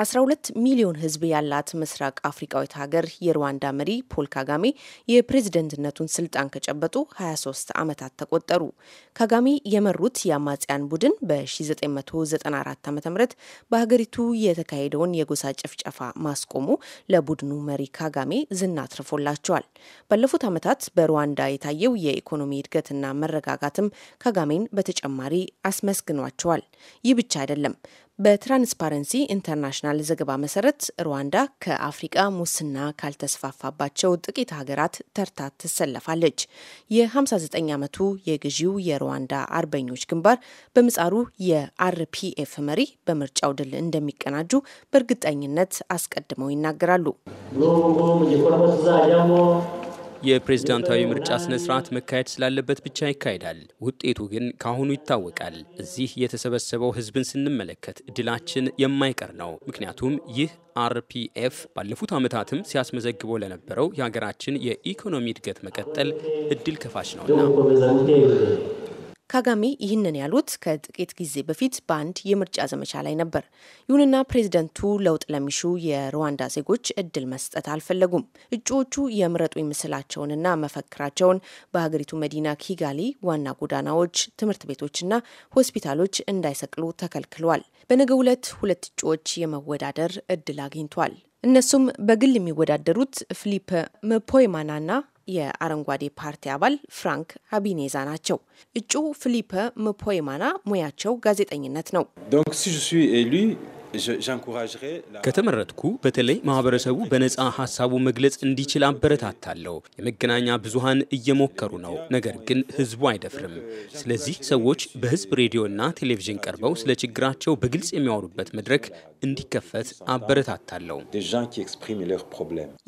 12 ሚሊዮን ሕዝብ ያላት ምስራቅ አፍሪካዊት ሀገር የሩዋንዳ መሪ ፖል ካጋሜ የፕሬዝደንትነቱን ስልጣን ከጨበጡ 23 ዓመታት ተቆጠሩ። ካጋሜ የመሩት የአማጽያን ቡድን በ1994 .ም በሀገሪቱ የተካሄደውን የጎሳ ጭፍጨፋ ማስቆሙ ለቡድኑ መሪ ካጋሜ ዝና አትርፎላቸዋል። ባለፉት ዓመታት በሩዋንዳ የታየው የኢኮኖሚ እድገትና መረጋጋትም ካጋሜን በተጨማሪ አስመስግኗቸዋል። ይህ ብቻ አይደለም። በትራንስፓረንሲ ኢንተርናሽናል ዘገባ መሰረት ሩዋንዳ ከአፍሪቃ ሙስና ካልተስፋፋባቸው ጥቂት ሀገራት ተርታ ትሰለፋለች። የ59 ዓመቱ የግዢው የሩዋንዳ አርበኞች ግንባር በምጻሩ የአርፒኤፍ መሪ በምርጫው ድል እንደሚቀናጁ በእርግጠኝነት አስቀድመው ይናገራሉ። የፕሬዝዳንታዊ ምርጫ ስነ ስርዓት መካሄድ ስላለበት ብቻ ይካሄዳል። ውጤቱ ግን ካሁኑ ይታወቃል። እዚህ የተሰበሰበው ህዝብን ስንመለከት ድላችን የማይቀር ነው። ምክንያቱም ይህ አርፒኤፍ ባለፉት ዓመታትም ሲያስመዘግበው ለነበረው የሀገራችን የኢኮኖሚ እድገት መቀጠል እድል ከፋች ነውና። ካጋሜ ይህንን ያሉት ከጥቂት ጊዜ በፊት በአንድ የምርጫ ዘመቻ ላይ ነበር። ይሁንና ፕሬዚደንቱ ለውጥ ለሚሹ የሩዋንዳ ዜጎች እድል መስጠት አልፈለጉም። እጩዎቹ የምረጡ ምስላቸውንና መፈክራቸውን በሀገሪቱ መዲና ኪጋሊ ዋና ጎዳናዎች፣ ትምህርት ቤቶችና ሆስፒታሎች እንዳይሰቅሉ ተከልክሏል። በነገ ሁለት ሁለት እጩዎች የመወዳደር እድል አግኝቷል። እነሱም በግል የሚወዳደሩት ፊሊፕ ምፖይማናና የአረንጓዴ ፓርቲ አባል ፍራንክ አቢኔዛ ናቸው። እጩ ፊሊፐ ምፖይማና ሙያቸው ጋዜጠኝነት ነው። ከተመረጥኩ በተለይ ማህበረሰቡ በነፃ ሀሳቡ መግለጽ እንዲችል አበረታታለሁ። የመገናኛ ብዙሃን እየሞከሩ ነው፣ ነገር ግን ህዝቡ አይደፍርም። ስለዚህ ሰዎች በህዝብ ሬዲዮ እና ቴሌቪዥን ቀርበው ስለ ችግራቸው በግልጽ የሚያወሩበት መድረክ እንዲከፈት አበረታታለሁ።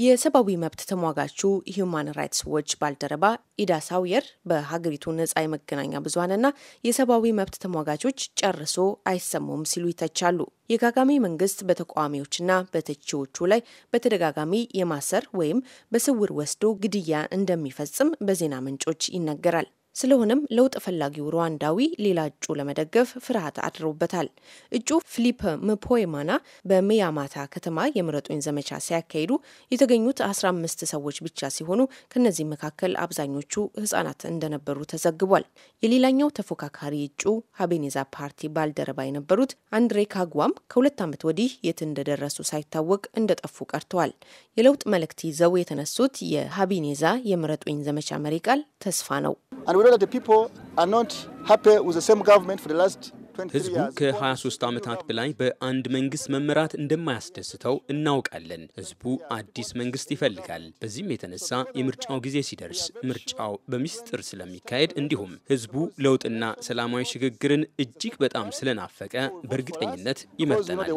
የሰብአዊ መብት ተሟጋቹ ሂዩማን ራይትስ ዎች ባልደረባ ኢዳ ሳውየር በሀገሪቱ ነጻ የመገናኛ ብዙሀንና የሰብአዊ መብት ተሟጋቾች ጨርሶ አይሰሙም ሲሉ ይተቻሉ። የካጋሜ መንግስት በተቃዋሚዎችና በተቺዎቹ ላይ በተደጋጋሚ የማሰር ወይም በስውር ወስዶ ግድያ እንደሚፈጽም በዜና ምንጮች ይነገራል። ስለሆነም ለውጥ ፈላጊው ሩዋንዳዊ ሌላ እጩ ለመደገፍ ፍርሃት አድሮበታል። እጩ ፊሊፕ ምፖይማና በሚያማታ ከተማ የምረጡኝ ዘመቻ ሲያካሂዱ የተገኙት 15 ሰዎች ብቻ ሲሆኑ ከነዚህ መካከል አብዛኞቹ ህጻናት እንደነበሩ ተዘግቧል። የሌላኛው ተፎካካሪ እጩ ሀቤኔዛ ፓርቲ ባልደረባ የነበሩት አንድሬ ካጓም ከሁለት ዓመት ወዲህ የት እንደደረሱ ሳይታወቅ እንደጠፉ ቀርተዋል። የለውጥ መልእክት ይዘው የተነሱት የሀቤኔዛ የምረጡኝ ዘመቻ መሪ ቃል ተስፋ ነው። We know that the people are not happy with the same government for the last ህዝቡ ከ23 ዓመታት በላይ በአንድ መንግስት መመራት እንደማያስደስተው እናውቃለን። ህዝቡ አዲስ መንግስት ይፈልጋል። በዚህም የተነሳ የምርጫው ጊዜ ሲደርስ ምርጫው በሚስጥር ስለሚካሄድ እንዲሁም ህዝቡ ለውጥና ሰላማዊ ሽግግርን እጅግ በጣም ስለናፈቀ በእርግጠኝነት ይመርጠናል።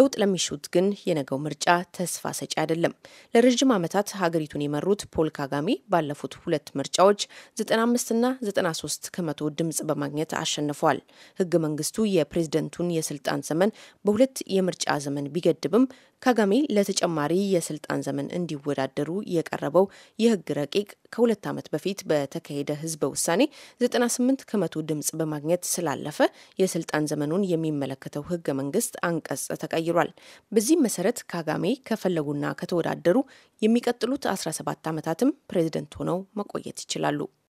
ለውጥ ለሚሹት ግን የነገው ምርጫ ተስፋ ሰጪ አይደለም። ለረዥም ዓመታት ሀገሪቱን የመሩት ፖል ካጋሜ ባለፉት ሁለት ምርጫዎች 95ና 93 ከመቶ ድምጽ በማ ማግኘት አሸንፏል። ህገ መንግስቱ የፕሬዝደንቱን የስልጣን ዘመን በሁለት የምርጫ ዘመን ቢገድብም ካጋሜ ለተጨማሪ የስልጣን ዘመን እንዲወዳደሩ የቀረበው የህግ ረቂቅ ከሁለት ዓመት በፊት በተካሄደ ህዝበ ውሳኔ 98 ከመቶ ድምፅ በማግኘት ስላለፈ የስልጣን ዘመኑን የሚመለከተው ህገ መንግስት አንቀጽ ተቀይሯል። በዚህም መሰረት ካጋሜ ከፈለጉና ከተወዳደሩ የሚቀጥሉት 17 ዓመታትም ፕሬዝደንት ሆነው መቆየት ይችላሉ።